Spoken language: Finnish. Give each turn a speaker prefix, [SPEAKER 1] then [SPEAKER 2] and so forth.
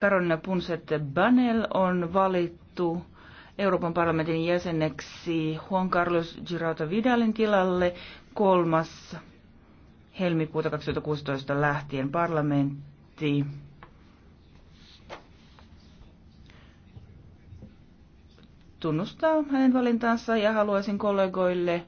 [SPEAKER 1] Karolina Punset Banel on valittu Euroopan parlamentin jäseneksi Juan Carlos Girauta Vidalin tilalle kolmas helmikuuta 2016 lähtien parlamentti tunnustaa hänen
[SPEAKER 2] valintansa ja haluaisin kollegoille